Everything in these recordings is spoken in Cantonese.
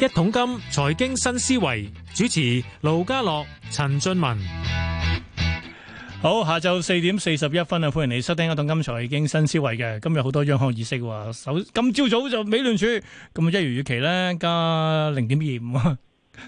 一桶金財經新思維主持盧家樂、陳俊文，好，下晝四點四十一分啊，歡迎你收聽《一桶金財經新思維》嘅。今日好多央行議息喎，首今朝早就美聯儲咁一如預期咧加零點二五。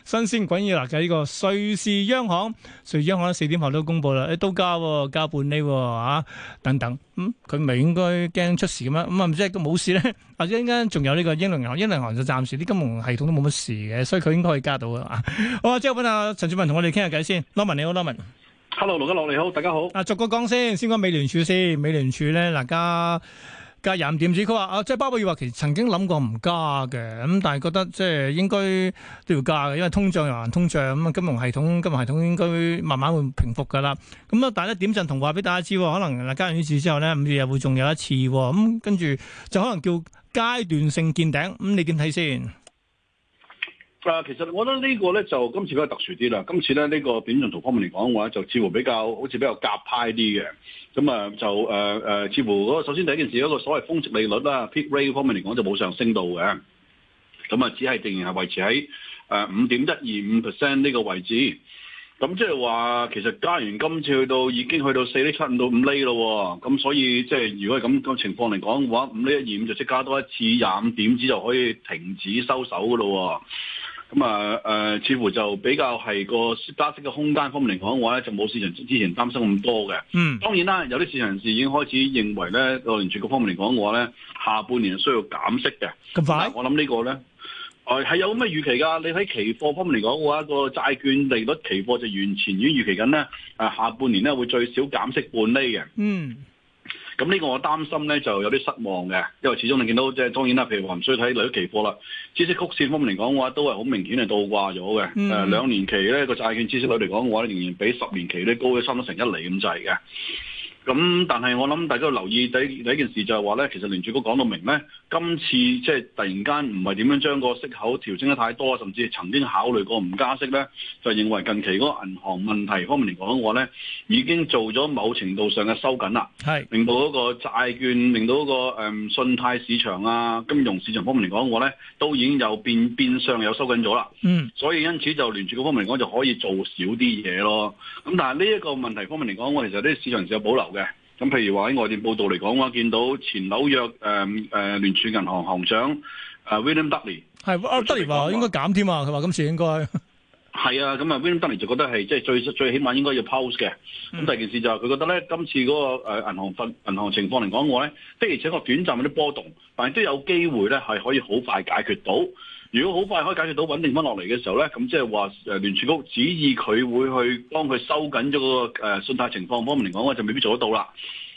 新鮮滾熱辣嘅呢個瑞士央行，瑞士央行四點後都公布啦，都加加半厘啊，等等，咁佢咪應該驚出事咁樣，咁、嗯、啊唔知冇事咧，或者陣間仲有呢個英倫銀行？英倫銀行就暫時啲金融系統都冇乜事嘅，所以佢應該可以加到啊。好啊，之後揾阿陳俊文同我哋傾下偈先。Lawman 你好，Lawman，Hello 盧家樂你好，大家好。啊，逐個講先，先講美聯儲先。美聯儲咧嗱加。加廿五點子，佢話啊，即、就、係、是、鮑威爾話，其實曾經諗過唔加嘅，咁但係覺得即係應該都要加嘅，因為通脹又難通脹，咁啊金融系統、金融系統應該慢慢會平復噶啦。咁啊，但係咧點陣圖話俾大家知，可能嗱加完呢次之後咧，五月又會仲有一次，咁跟住就可能叫階段性見頂。咁、嗯、你點睇先？嗱，其實我覺得呢個咧就今次比較特殊啲啦。今次咧呢、這個點陣圖方面嚟講嘅話，就似乎比較好似比較鴿派啲嘅。咁啊，就誒、呃呃、似乎嗰個首先第一件事，一個所謂峰值利率啦，peak rate 方面嚟講就冇上升到嘅，咁啊，只係仍然係維持喺誒五點一二五 percent 呢個位置。咁即係話，其實加完今次去到已經去到四厘七五到五厘咯。咁所以即係如果係咁個情況嚟講嘅話，五厘一二五就即加多一次廿五點子就可以停止收手噶咯、哦。咁啊，誒、嗯呃、似乎就比較係個加息嘅空間方面嚟講嘅話咧，就冇市場之前擔心咁多嘅。嗯，當然啦，有啲市場人士已經開始認為咧，個聯儲局方面嚟講嘅話咧，下半年需要減息嘅。咁快？我諗呢個咧，誒、呃、係有咁嘅預期㗎。你喺期貨方面嚟講嘅話，個債券利率期貨就完全已經預期緊咧，誒、啊、下半年咧會最少減息半厘嘅。嗯。咁呢個我擔心咧，就有啲失望嘅，因為始終你見到即係當然啦，譬如話唔需要睇利率期貨啦，孳息曲線方面嚟講嘅話，都係好明顯係倒掛咗嘅。誒，兩、嗯、年期咧個債券孳息率嚟講嘅話仍然比十年期咧高咗差唔多成一厘咁滯嘅。咁但係我諗，大家留意第第一件事就係話咧，其實聯儲局講到明咧，今次即係突然間唔係點樣將個息口調整得太多，甚至曾經考慮過唔加息咧，就是、認為近期嗰個銀行問題方面嚟講，我咧已經做咗某程度上嘅收緊啦。係是令到嗰個債券，令到嗰、嗰個、嗯、信貸市場啊、金融市場方面嚟講，我咧都已經有變變相有收緊咗啦。嗯，所以因此就聯儲局方面嚟講，就可以做少啲嘢咯。咁但係呢一個問題方面嚟講，我其實呢個市場有保留。咁譬如話喺外電報道嚟講，話見到前紐約誒誒、呃呃、聯儲銀行行長、呃、William Dudley，係啊，William Dudley 話應該減添啊，佢話今次應該。 係啊，咁啊，William Dunne 就覺得係即係最最起碼應該要 pause 嘅。咁第二件事就係佢覺得咧，今次嗰個誒銀行份銀行情況嚟講嘅話咧，的而且確短暫有啲波動，但係都有機會咧係可以好快解決到。如果好快可以解決到穩定翻落嚟嘅時候咧，咁即係話誒聯儲局指意佢會去幫佢收緊咗個誒信貸情況方面嚟講，我就未必做得到啦。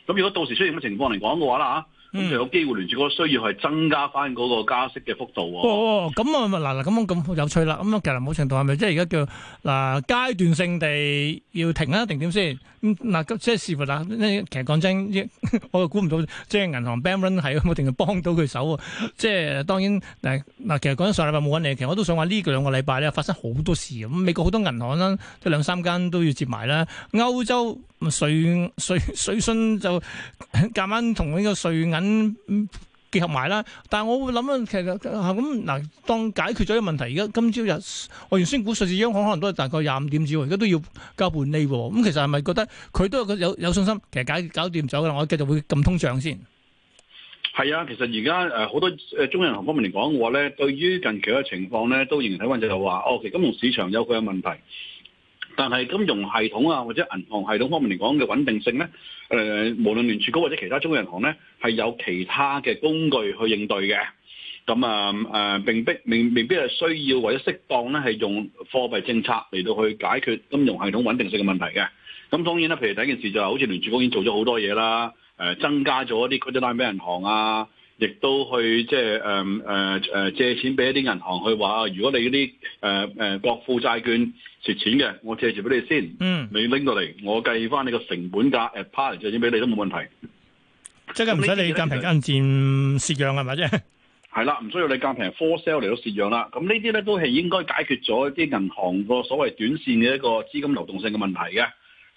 咁如果到時出現乜嘅情況嚟講嘅話啦嚇咁就、嗯、有機會連住嗰個需要係增加翻嗰個加息嘅幅度喎、哦哦哦。哦，咁啊，嗱、嗯、嗱，咁咁有趣啦。咁、嗯、啊，其實冇程度係咪即係而家叫嗱、啊、階段性地要停啊定點先？嗱、嗯啊，即係視乎嗱？其實講真，我估唔到即係銀行 bank run 係冇定係幫到佢手喎。即係當然嗱嗱，其實講真，嗯啊啊、講緊上禮拜冇揾你，其實我都想話呢兩個禮拜咧發生好多事咁、嗯、美國好多銀行啦，即兩三間都要接埋啦。歐洲瑞瑞瑞信就夾硬同呢個瑞結合埋啦，但係我會諗啊，其實咁嗱，當解決咗啲問題，而家今朝日我原先估瑞士央行可能都係大概廿五點子，而家都要加半厘，咁、嗯、其實係咪覺得佢都有有信心，其實解搞掂咗嘅啦？我繼續會咁通脹先。係啊，其實而家誒好多誒中央銀行方面嚟講嘅話咧，對於近期嘅情況咧，都仍然睇法就係話，哦，其實金融市場有佢嘅問題。但係金融系統啊，或者銀行系統方面嚟講嘅穩定性咧，誒、呃，無論聯儲局或者其他中央銀行咧，係有其他嘅工具去應對嘅。咁啊誒，並、呃、必並並必係需要或者適當咧，係用貨幣政策嚟到去解決金融系統穩定性嘅問題嘅。咁當然啦，譬如第一件事就係、好似聯儲局已經做咗好多嘢啦、呃，增加咗一啲 credit line 俾銀行啊。亦都去即係誒誒誒借錢俾一啲銀行去話，如果你嗰啲誒誒國庫債券蝕錢嘅，我借住俾你先。嗯，你拎到嚟，我計翻你個成本價，at par 借錢俾你都冇問題。即係唔使你夾平跟賤蝕讓係咪啫？係 啦，唔需要你夾平 for sale 嚟到蝕讓啦。咁呢啲咧都係應該解決咗一啲銀行個所謂短線嘅一個資金流動性嘅問題嘅。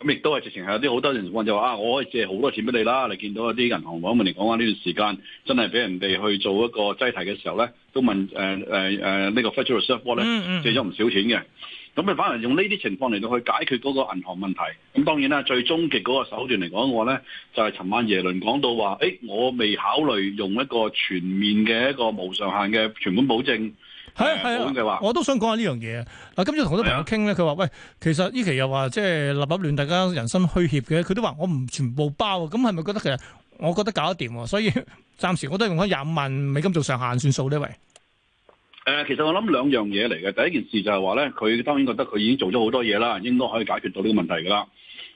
咁亦都係直情係有啲好多人情況就話啊，我可以借好多錢俾你啦！你見到一啲銀行方面嚟講啊，呢段時間真係俾人哋去做一個擠提嘅時候咧，都問誒誒誒呢個 Federal Reserve 咧借咗唔少錢嘅。咁佢反而用呢啲情況嚟到去解決嗰個銀行問題。咁當然啦，最終極嗰個手段嚟講，嘅話咧就係、是、尋晚耶倫講到話，誒我未考慮用一個全面嘅一個無上限嘅存款保證。係係啊，我都想講下呢樣嘢啊！嗱，今朝同好多朋友傾咧，佢話、啊：喂，其實呢期又話即係立立亂，就是、亂亂大家人心虛怯嘅。佢都話我唔全部包，咁係咪覺得其實我覺得搞得掂喎？所以暫時我都用咗廿五萬美金做上限算數呢位。誒、呃，其實我諗兩樣嘢嚟嘅。第一件事就係話咧，佢當然覺得佢已經做咗好多嘢啦，應該可以解決到呢個問題㗎啦。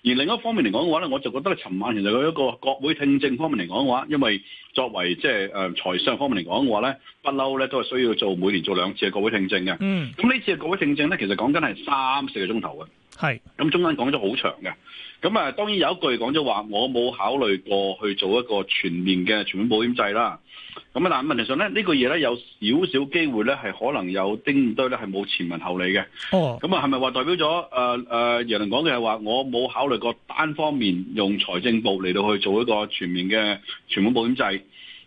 而另一方面嚟講嘅話咧，我就覺得尋晚其實有一個國會聽證方面嚟講嘅話，因為作為即係誒財商方面嚟講嘅話咧，不嬲咧都係需要做每年做兩次嘅國會聽證嘅。嗯，咁呢次嘅國會聽證咧，其實講緊係三四個鐘頭嘅。係是，咁中間講咗好長嘅。咁啊、嗯，當然有一句講咗話，我冇考慮過去做一個全面嘅存款保險制啦。咁啊，但問題上咧，呢個嘢咧有少少機會咧，係可能有丁堆咧係冇前文後理嘅。哦，咁啊，係咪話代表咗誒誒耶倫講嘅係話，我冇考慮過單方面用財政部嚟到去做一個全面嘅存款保險制？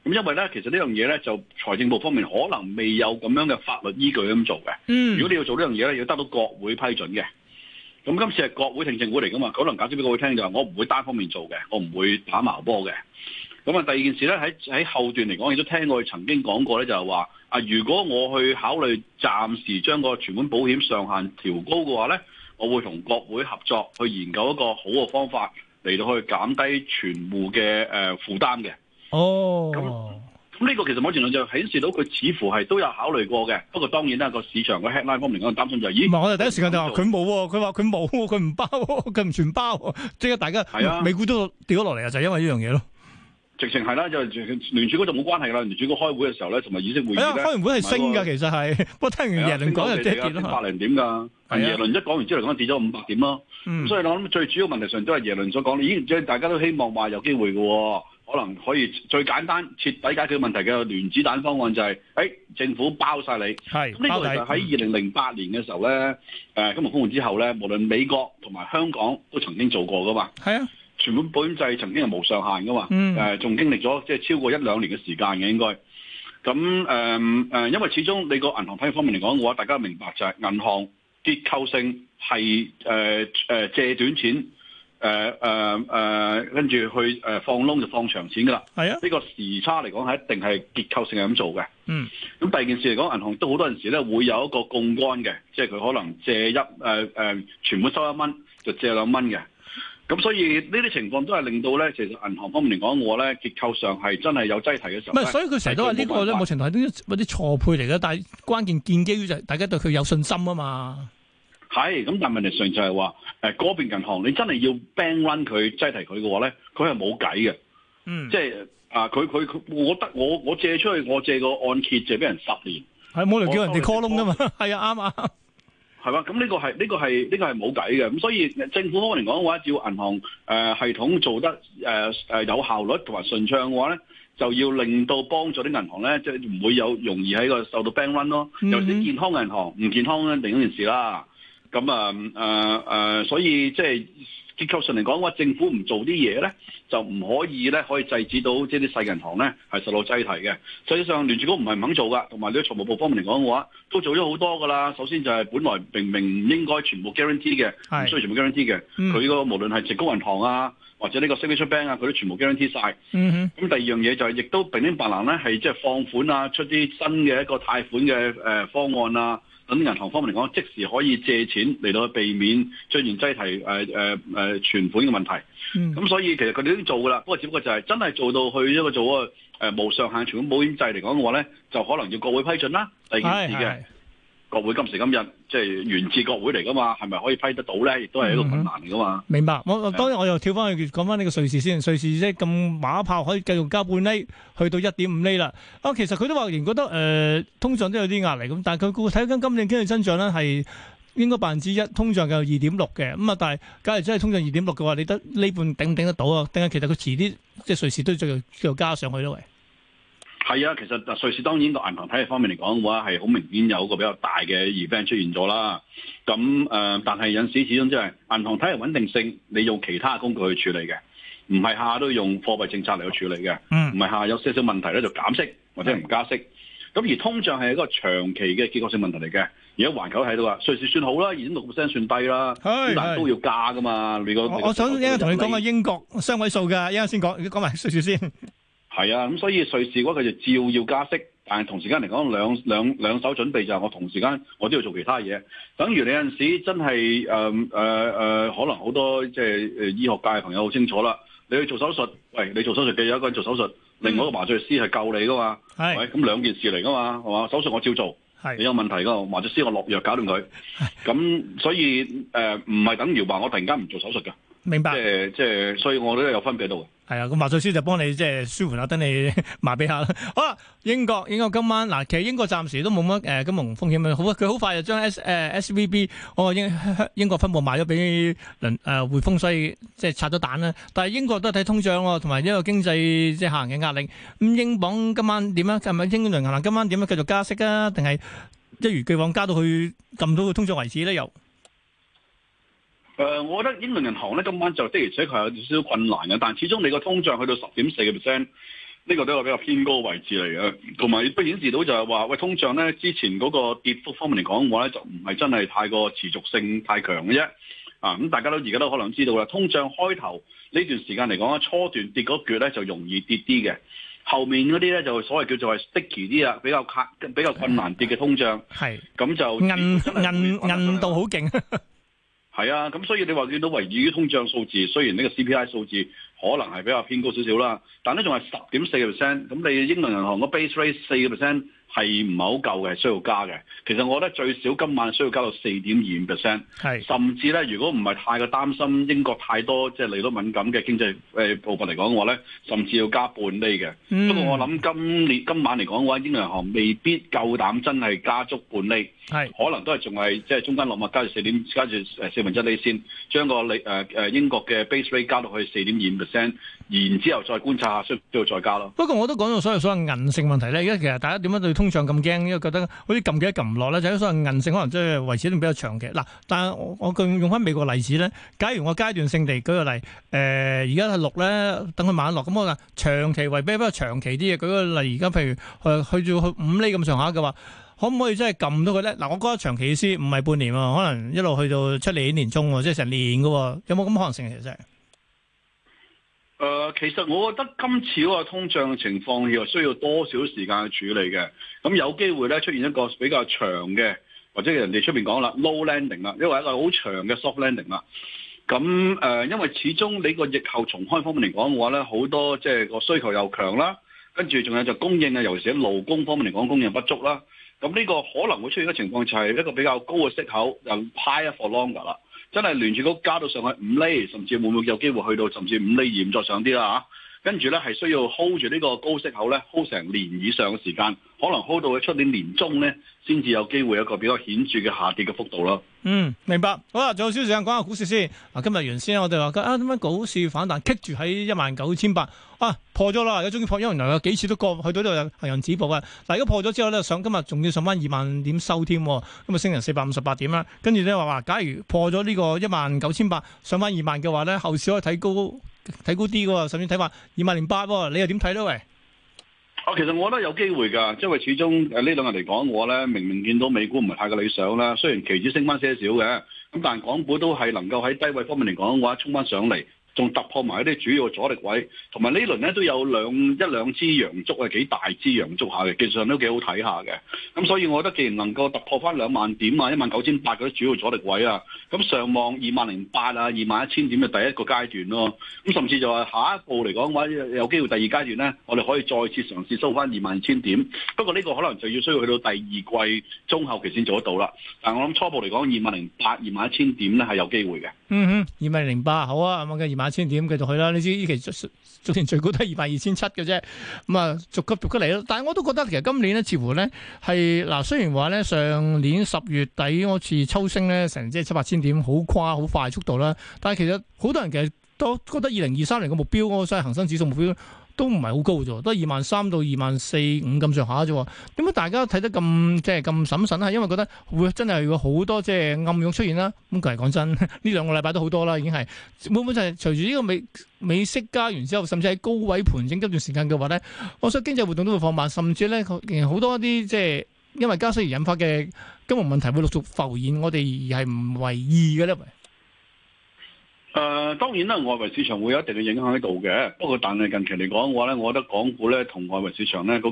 咁因為咧，其實呢樣嘢咧，就財政部方面可能未有咁樣嘅法律依據咁做嘅。嗯，mm. 如果你要做呢樣嘢咧，要得到國會批准嘅。咁今次係國會聽政府嚟噶嘛？可能解釋俾我會聽就係我唔會單方面做嘅，我唔會打茅波嘅。咁啊，第二件事咧，喺喺後段嚟講，亦都聽過曾經講過咧，就係話啊，如果我去考慮暫時將個存款保險上限調高嘅話咧，我會同國會合作去研究一個好嘅方法嚟到去減低存戶嘅誒負擔嘅。哦、oh.。咁，呢個其實某程度就顯示到佢似乎係都有考慮過嘅，不過當然啦，個市場個 headline 方面嗰個擔心就是、咦？唔係，我就第一時間就話佢冇，佢話佢冇，佢唔包，佢唔全包，即係大家係啊，美股都跌咗落嚟啊，就因為呢樣嘢咯，直情係啦，就聯儲局就冇關係啦，聯儲局開會嘅時候咧，同埋議息會議咧、啊，開完會係升嘅，是啊、其實係，不過聽完耶倫講、啊、就跌一跌咯，百零點噶，啊、但耶倫一講完之後咁樣跌咗五百點咯，嗯、所以我諗最主要問題上都係耶倫所講，咦，即係大家都希望話有機會嘅、哦。可能可以最簡單徹底解決問題嘅原子彈方案就係、是，誒、哎、政府包晒你。係，呢個就喺二零零八年嘅時候咧，誒金融風暴之後咧，無論美國同埋香港都曾經做過噶嘛。係啊，存款保險制曾經係無上限噶嘛嗯、呃還的的。嗯。誒，仲經歷咗即係超過一兩年嘅時間嘅應該。咁誒誒，因為始終你個銀行體系方面嚟講嘅話，大家明白就係、是、銀行結構性係誒誒借短錢。誒誒誒，跟住去誒、呃、放窿就放長錢噶啦，係啊，呢個時差嚟講係一定係結構性係咁做嘅。嗯，咁第二件事嚟講，銀行都好多陣時咧會有一個槓桿嘅，即係佢可能借一誒誒，存、呃、收一蚊就借兩蚊嘅。咁所以呢啲情況都係令到咧，其實銀行方面嚟講，我咧結構上係真係有擠提嘅時候。唔係、嗯，所以佢成日都話呢個咧冇前都啲啲錯配嚟嘅，但係關鍵建基於就大家對佢有信心啊嘛。係咁，但係問題上就係話，嗰邊銀行你真係要 bank run 佢擠提佢嘅話咧，佢係冇計嘅。嗯即，即係啊，佢佢，我覺得我我借出去，我借個按揭借俾人十年，係冇人叫人哋 call 窿㗎嘛，係啊啱啊，係嘛？咁呢、嗯這個係呢、這個係呢、這個係冇計嘅。咁所以政府方面嚟講嘅話，照銀行、呃、系統做得、呃呃呃、有效率同埋順暢嘅話咧，就要令到幫助啲銀行咧，即、就、唔、是、會有容易喺個受到 bank run 咯。尤其健康銀行，唔、嗯嗯、健康咧另一件事啦。咁啊，誒、嗯呃呃、所以即係結構上嚟講，嘅話政府唔做啲嘢咧，就唔可以咧，可以制止到即係啲細銀行咧係受到擠提嘅。實際上，聯儲局唔係唔肯做噶，同埋啲財務部方面嚟講嘅話，都做咗好多噶啦。首先就係本來明明應該全部 guarantee 嘅，唔是需要全部 guarantee 嘅，佢嗰、嗯那個，無論係矽谷銀行啊，或者呢個 Signature Bank 啊，佢都全部 guarantee 晒。咁第二樣嘢就係、是、亦都並靚白難咧，係即係放款啊，出啲新嘅一個貸款嘅、呃、方案啊。咁銀行方面嚟講，即時可以借錢嚟到去避免出現擠，擠提誒誒誒存款嘅問題。咁、嗯嗯、所以其實佢哋都做㗎啦，不過只不過就係真係做到去一個做個誒、呃、無上限存款保險制嚟講嘅話咧，就可能要國會批准啦，第二件事嘅。是是是。.國會今時今日即係、就是、源自國會嚟噶嘛，係咪可以批得到咧？亦都係一個困難噶嘛、嗯。明白。我當然我又跳翻去講翻呢個瑞士先，瑞士即係咁馬炮可以繼續加半厘，去到一點五厘啦。啊，其實佢都話仍覺得誒、呃，通脹都有啲壓力咁，但係佢睇緊今年經濟增長咧，係應該百分之一通脹嘅二點六嘅咁啊。但係假如真係通脹二點六嘅話，你得呢半頂唔頂得到啊？定係其實佢遲啲即係瑞士都要繼續加上去咯？喂？係啊，其實瑞士當然個銀行體系方面嚟講嘅話，係好明顯有一個比較大嘅 event 出現咗啦。咁誒、呃，但係有時始終即係銀行體系穩定性，你用其他工具去處理嘅，唔係下下都要用貨幣政策嚟去處理嘅。唔係下有少少問題咧就減息或者唔加息。咁、嗯、而通脹係一個長期嘅結構性問題嚟嘅。而家環球喺度話，瑞士算好啦，已經六 percent 算低啦，但係都要加㗎嘛。你個我，我想一陣同你講個英國雙位數㗎，一陣先講，講埋瑞士先。係啊，咁、嗯、所以瑞士嗰個就照樣加息，但係同時間嚟講兩兩兩手準備就係我同時間我都要做其他嘢，等於你有陣時真係誒誒誒，可能好多即係誒醫學界嘅朋友好清楚啦，你去做手術，喂，你做手術嘅有一個人做手術，另外一個麻醉師係救你噶嘛，係、嗯、咁兩件事嚟噶嘛，係嘛，手術我照做，係，你有問題噶，是麻醉師我落藥搞掂佢，咁 所以誒唔係等於話我突然間唔做手術噶，明白，即係即係，所以我都有分別到。係啊，咁麻醉師就幫你即係舒緩下，等你麻俾下啦。好啦、啊，英國英國今晚嗱，其實英國暫時都冇乜誒金融風險啦。好啊，佢好快就將 S 誒、呃、SVB 我、哦、英英英國分部賣咗俾倫誒匯豐，所以即係拆咗蛋啦。但係英國都係睇通脹喎，同埋一個經濟即係下行嘅壓力。咁英鎊今晚點啊？係咪英倫銀行今晚點啊？繼續加息啊？定係一如既往加到去撳到通脹為止咧？又？誒，uh, 我覺得英倫銀行咧今晚就的而且確有少少困難嘅，但係始終你個通脹去到十點四個 percent，呢個都係比較偏高的位置嚟嘅。同埋亦都顯示到就係話，喂，通脹咧之前嗰個跌幅方面嚟講嘅話咧，就唔係真係太過持續性太強嘅啫。啊，咁大家都而家都可能知道啦，通脹開頭呢段時間嚟講啊，初段跌嗰撅咧就容易跌啲嘅，後面嗰啲咧就所謂叫做係 sticky 啲啦，比較比較困難跌嘅通脹。係的，咁就韌韌韌到好勁。係啊，咁所以你話見到維持住通脹數字，雖然呢個 CPI 數字可能係比較偏高少少啦，但呢仲係十點四個 percent，咁你英倫銀行個 base rate 四個 percent。係唔係好夠嘅？需要加嘅。其實我覺得最少今晚需要加到四點二五 percent。係是，甚至咧，如果唔係太過擔心英國太多即係、就是、利率敏感嘅經濟誒部分嚟講嘅話咧，甚至要加半厘嘅。不過、嗯、我諗今年今晚嚟講嘅話，英倫行未必夠膽真係加足半厘。係是，可能都係仲係即係中間落墨加住四點，加住誒四分一厘先，將個利誒誒英國嘅 base rate 加落去四點二五 percent。然之後再觀察一下，需之後再加咯。不過我都講到所謂所謂銀性問題咧。而家其實大家點解對通脹咁驚？因為覺得好似撳幾多撳唔落咧，就係、是、所謂銀性可能即係維持得比較長期。嗱，但我更用返翻美國例子咧。假如我階段性地舉個例，誒而家係六咧，6，等佢慢落咁，我話長期為比比較長期啲嘅舉個例，而家譬如去去到去五厘咁上下嘅話，可唔可以真係撳到佢咧？嗱，我覺得長期先唔係半年喎，可能一路去到出年年中，即係成年㗎喎，有冇咁可能性其實？誒、呃，其實我覺得今次嗰個通脹嘅情況要需要多少時間去處理嘅，咁有機會咧出現一個比較長嘅，或者人哋出面講啦，low landing 啦、呃，因為一個好長嘅 soft landing 啦。咁因為始終你個疫後重開方面嚟講嘅話咧，好多即係個需求又強啦，跟住仲有就供應啊，尤其是喺勞工方面嚟講供應不足啦。咁呢個可能會出現嘅情況就係一個比較高嘅息口，又、就是、high for longer 啦。真係連住股加到上去五厘，甚至會唔會有機會去到甚至五厘嚴以上啲啦吓？跟住咧，係需要 hold 住呢個高息口咧，hold 成年以上嘅時間，可能 hold 到佢出年年中咧，先至有機會有一個比較顯著嘅下跌嘅幅度咯。嗯，明白。好啦，仲有少少時間講下股市先。嗱、啊，今日原先我哋話啊，點解股市反彈，棘住喺一萬九千八啊，破咗啦，有終於破，因為原來有幾次都過去到呢度行人止步嘅。嗱，如果破咗之後咧，想今日仲要上翻二萬點收添，咁啊升成四百五十八點啦。跟住咧話話，假如破咗呢個一萬九千八上翻二萬嘅話咧，後市可以睇高。睇高啲嘅，甚至睇埋二萬零八，你又點睇咧？喂，哦，其實我覺得有機會噶，因為始終誒呢兩日嚟講，我咧明明見到美股唔係太過理想啦，雖然期指升翻些少嘅，咁但係港股都係能夠喺低位方面嚟講，嘅話衝翻上嚟。仲突破埋一啲主要阻力位，同埋呢輪咧都有兩一兩支陽燭，啊，幾大支陽燭。下嘅，技術上都幾好睇下嘅。咁所以，我覺得既然能夠突破翻兩萬點啊，一萬九千八嗰啲主要阻力位啊，咁上望二萬零八啊，二萬一千點就第一個階段咯、啊。咁甚至就話下一步嚟講嘅話，有機會第二階段咧，我哋可以再次嘗試收翻二萬二千點。不過呢個可能就要需要去到第二季中後期先做得到啦。但我諗初步嚟講，二萬零八、二萬一千點咧係有機會嘅。嗯哼，二萬零八好啊，咁我嘅二萬一千點繼續去啦。你知呢期最前最高都係二萬二千七嘅啫，咁啊逐級逐級嚟咯。但係我都覺得其實今年咧似乎咧係嗱，雖然話咧上年十月底嗰次抽升咧成即係七八千點，好誇好快速度啦。但係其實好多人其實都覺得二零二三年嘅目標，我所謂恒生指數目標。都唔係好高啫，都係二萬三到二萬四五咁上下啫。點解大家睇得咁即係咁審慎咧？因為覺得會真係有好多即係、就是、暗湧出現啦。咁佢係講真，呢兩個禮拜都好多啦，已經係會唔會就係隨住呢個美美息加完之後，甚至喺高位盤整，一段時間嘅話咧，我想經濟活動都會放慢，甚至咧好多啲即係因為加息而引發嘅金融問題會陸續浮現，我哋而係唔為意嘅咧，誒、呃、當然啦，外圍市場會有一定嘅影響喺度嘅，不過但係近期嚟講嘅話咧，我覺得港股咧同外圍市場咧嗰、嗰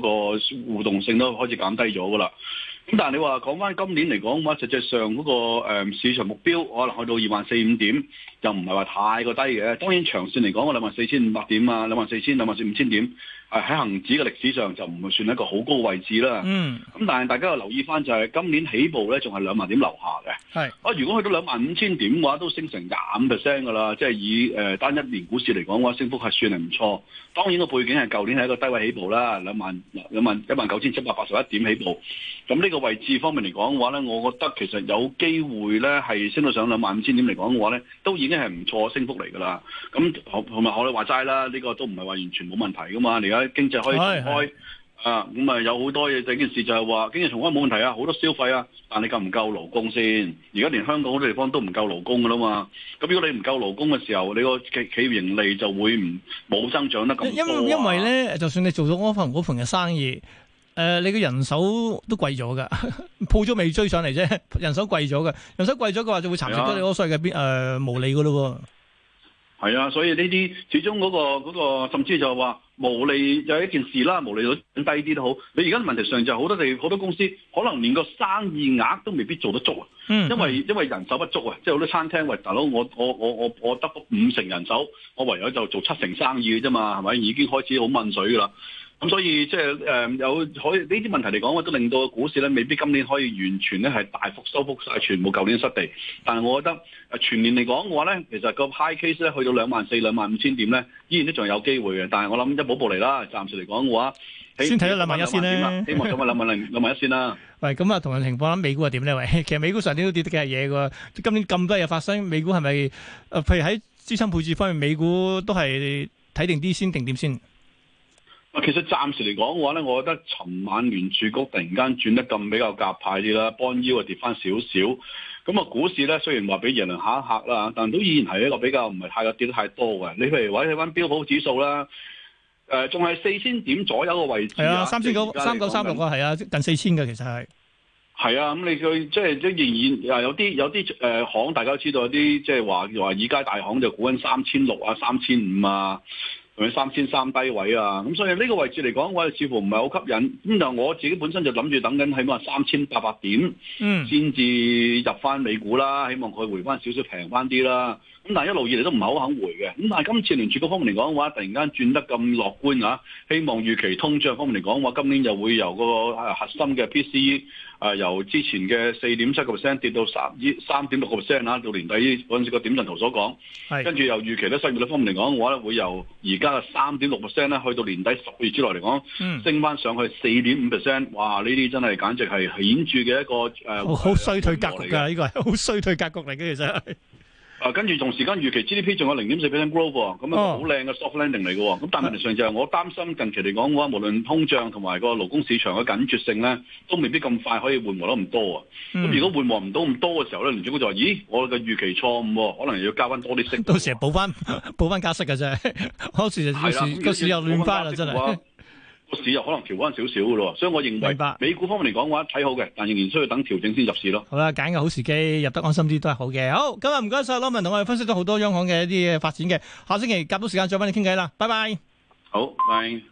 個互動性都開始減低咗㗎喇。咁但係你話講返今年嚟講嘅話，實際上嗰、嗰個、呃、市場目標可能去到二萬四五點。又唔係話太過低嘅，當然長線嚟講，個兩萬四千五百點啊，兩萬四千、兩萬四五千點，喺恒指嘅歷史上就唔算係一個好高位置啦。嗯。咁但係大家要留意翻、就是，就係今年起步咧，仲係兩萬點樓下嘅。係是。啊，如果去到兩萬五千點嘅話，都升成廿五 percent 㗎啦，即係以誒、呃、單一年股市嚟講嘅話，升幅係算係唔錯。當然個背景係舊年係一個低位起步啦，兩萬兩萬一萬九千七百八十一點起步。咁呢個位置方面嚟講嘅話咧，我覺得其實有機會咧係升到上兩萬五千點嚟講嘅話咧，都已經，係唔錯升幅嚟噶啦，咁同埋我哋話齋啦，呢個都唔係話完全冇問題噶嘛。而家經濟可以開是啊，咁啊有好多嘢。整件事就係話經濟重開冇問題啊，好多消費啊，但你夠唔夠勞工先？而家連香港好多地方都唔夠勞工噶啦嘛。咁如果你唔夠勞工嘅時候，你個企企業盈利就會唔冇增長得咁多，啊、因為因為咧，就算你做咗安份股份嘅生意。誒、呃，你個人手都貴咗噶，鋪租未追上嚟啫。人手貴咗嘅，人手貴咗嘅話就會蠶食咗你嗰個所謂嘅邊誒無利嘅咯。係啊，所以呢啲始終嗰、嗰個嗰、嗰個，甚至就係話無利有一件事啦。無利率低啲都好。你而家問題上就好多地，好多公司可能連個生意額都未必做得足啊。嗯嗯因為因為人手不足啊，即係好多餐廳喂，大佬，我我我我我得五成人手，我唯有就做七成生意嘅啫嘛，係咪已經開始好問水噶啦？咁所以即係誒有可以呢啲問題嚟講，我都令到股市咧未必今年可以完全咧係大幅收復晒全部舊年失地。但係我覺得全年嚟講嘅話咧，其實個 high case 咧去到兩萬四、兩萬五千點咧，依然都仲有機會嘅。但係我諗一步一步嚟啦，暫時嚟講嘅話，先睇咗兩萬一先啦。了 希望咁啊，兩萬零兩萬一先啦。喂，咁啊，同樣情況，美股係點咧？喂，其實美股上年都跌得幾嘢嘅。今年咁多嘢發生，美股係咪誒？譬如喺資產配置方面，美股都係睇定啲先定點先。其實暫時嚟講嘅話咧，我覺得尋晚聯儲局突然間轉得咁比較夾派啲啦，邦腰啊跌翻少少，咁啊股市咧雖然話比耶倫嚇一嚇啦，但都依然係一個比較唔係太過跌得太多嘅。你譬如睇翻標普指數啦，誒仲係四千點左右嘅位置，係啊，三千九、三九三六個係啊，近四千㗎其實係。係啊，咁你佢即係仍然啊有啲有啲誒行，大家都知道有啲即係話話依家大行就估緊三千六啊，三千五啊。咁三千三低位啊，咁所以呢個位置嚟講我似乎唔係好吸引。咁但我自己本身就諗住等緊起碼三千八百點，嗯，先至入翻美股啦。希望佢回翻少少，平翻啲啦。咁但係一路以嚟都唔係好肯回嘅。咁但係今次聯儲局方面嚟講嘅話，突然間轉得咁樂觀啊！希望預期通脹方面嚟講嘅話，今年就會由個核心嘅 PCE。啊、呃！由之前嘅四點七個 percent 跌到三依三點六個 percent 啦，到年底嗰陣時個點陣圖所講，是跟住由預期咧失業率方面嚟講嘅話咧，會由而家嘅三點六 percent 咧，去、啊、到年底十月之內嚟講，嗯、升翻上去四點五 percent，哇！呢啲真係簡直係顯著嘅一個誒，呃、好衰退格局嘅呢個係好衰退格局嚟嘅其實。 啊，跟住同時間預期 GDP 仲有零點四 percent growth 咁一個好靚嘅 soft landing 嚟嘅，咁但係問題上就係我擔心近期嚟講嘅話，無論通脹同埋個勞工市場嘅緊缺性咧，都未必咁快可以緩和得咁多啊。咁、嗯、如果緩和唔到咁多嘅時候咧，聯儲會就話：咦，我嘅預期錯誤，可能要加翻多啲息，到時候補翻補翻加息嘅啫。好似個市又亂翻啦，真係。個市又可能調翻少少嘅咯，所以我認為美股方面嚟講嘅話，睇好嘅，但仍然需要等調整先入市咯。好啦，揀個好時機入得安心啲都係好嘅。好，今日唔該晒羅文同我哋分析咗好多央行嘅一啲發展嘅，下星期夾到時間再翻你傾偈啦。拜拜。好，拜拜。